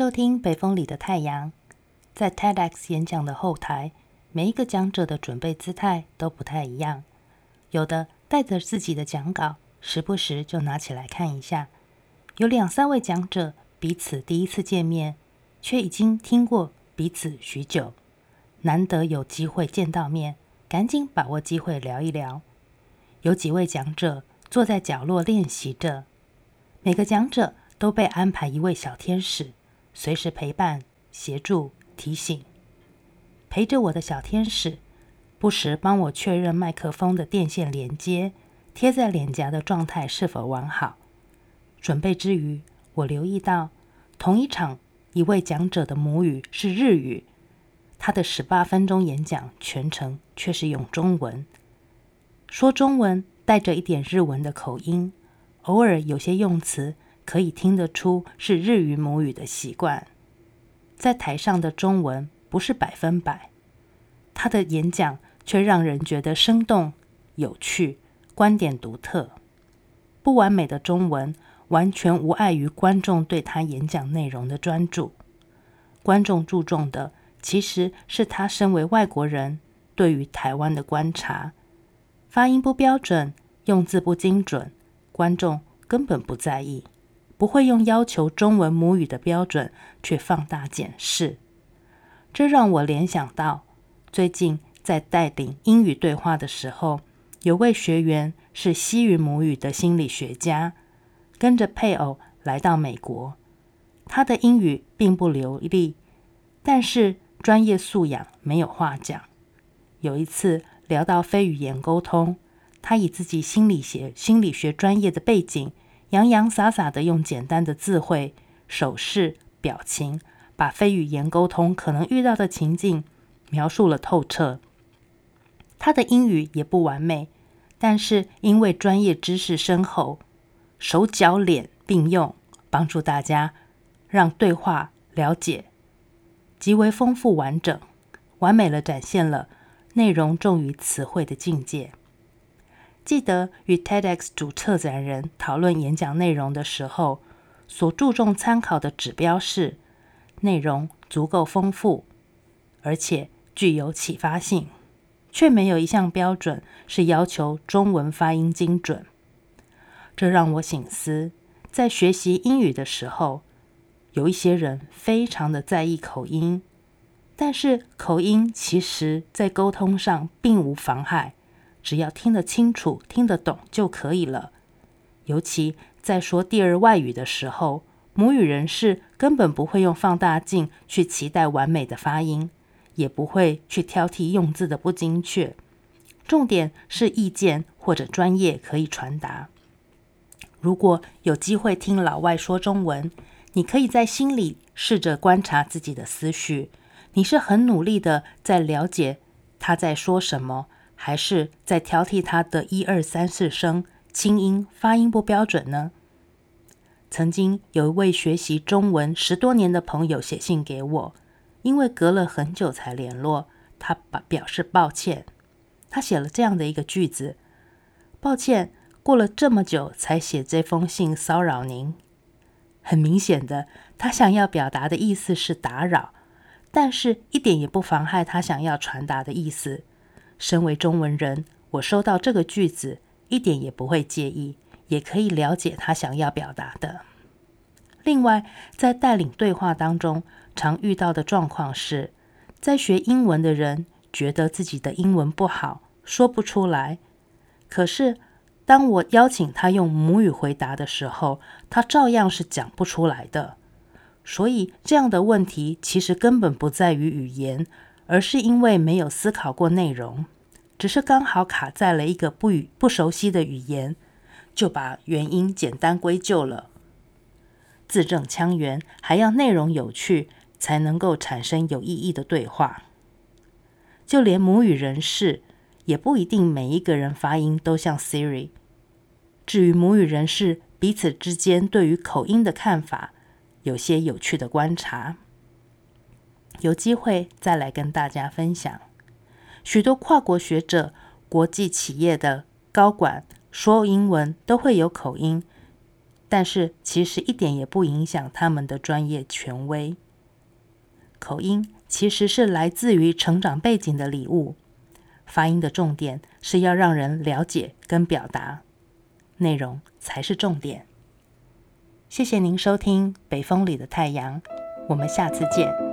收聽北風裡的太陽，在 TEDx 演講的後台，每一個講者的準備姿態都不太一樣。有的帶着自己的講稿，時不時就拿起來看一下。有兩三位講者彼此第一次見面，卻已經聽過彼此許久，難得有機會見到面，趕緊把握機會聊一聊。有幾位講者坐在角落練習着，每個講者都被安排一位小天使。隨時陪伴、協助、提醒，陪着我的小天使，不時幫我確認麥克風的電線連接，貼在臉頰的狀態是否完好。準備之餘，我留意到，同一場一位講者的母語是日語，他的十八分鐘演講全程卻是用中文，說中文帶着一點日文的口音，偶爾有些用詞，可以聽得出是日語母語的習慣，在台上的中文不是百分百，他的演講卻讓人覺得生動、有趣，觀點獨特。不完美的中文完全無礙於觀眾對他演講內容的專注。觀眾注重的其實是他身為外國人對於台灣的觀察。發音不標準，用字不精準，觀眾根本不在意。不會用要求中文母語的標準去放大檢視，這讓我聯想到最近在帶領英語對話的時候，有位學員是西語母語的心理學家，跟着配偶來到美國，他的英語並不流利，但是專業素養沒有話講。有一次聊到非語言溝通，他以自己心理學心理學專業的背景，洋洋灑灑的用簡單的字彙、手勢、表情，把非語言溝通可能遇到的情境描述了透徹。他的英語也不完美，但是因為專業知識深厚，手腳臉並用，幫助大家讓對話了解極為豐富完整，完美了展現了內容重於詞彙的境界。記得與 TEDx 主策展人討論演講內容的時候，所注重參考的指標是內容足夠豐富，而且具有啟發性，卻沒有一項標準是要求中文發音精準。這讓我省思，在學習英語的時候，有一些人非常的在意口音，但是口音其實在溝通上並無妨害。只要聽得清楚、聽得懂就可以了。尤其在說第二外語的時候，母語人士根本不會用放大鏡去期待完美的發音，也不會去挑剔用字的不精確。重點是意見或者專業可以傳達。如果有機會聽老外說中文，你可以在心裡試着觀察自己的思緒，你是很努力的在了解他在說什麼。還是在挑剔他的一二三四聲輕音發音不標準呢？曾經有一位學習中文十多年的朋友寫信給我，因為隔了很久才聯絡，他把表示抱歉。他寫了這樣的一個句子：“抱歉，過了這麼久才寫這封信，騷擾您。”很明顯的，他想要表達的意思是打擾，但是一點也不妨害他想要傳達的意思。身為中文人，我收到這個句子一點也不會介意，也可以了解他想要表達的。另外，在帶領對話當中，常遇到的狀況是，在學英文的人覺得自己的英文不好，說不出來。可是，當我邀請他用母語回答的時候，他照樣是講不出來的。所以，這樣的問題其實根本不在於語言。而是因為沒有思考過內容，只是剛好卡在了一個不語不熟悉的語言，就把原因簡單歸咎了。字正腔圓，還要內容有趣，才能夠產生有意義的對話。就連母語人士，也不一定每一個人發音都像 Siri。至於母語人士彼此之間對於口音的看法，有些有趣的觀察。有機會再來跟大家分享。許多跨國學者、國際企業的高管，說英文都會有口音，但是其實一點也不影響他們的專業權威。口音其實是來自於成長背景的禮物。發音的重點是要讓人了解跟表達，內容才是重點。謝謝您收聽《北風裡的太陽》，我們下次見。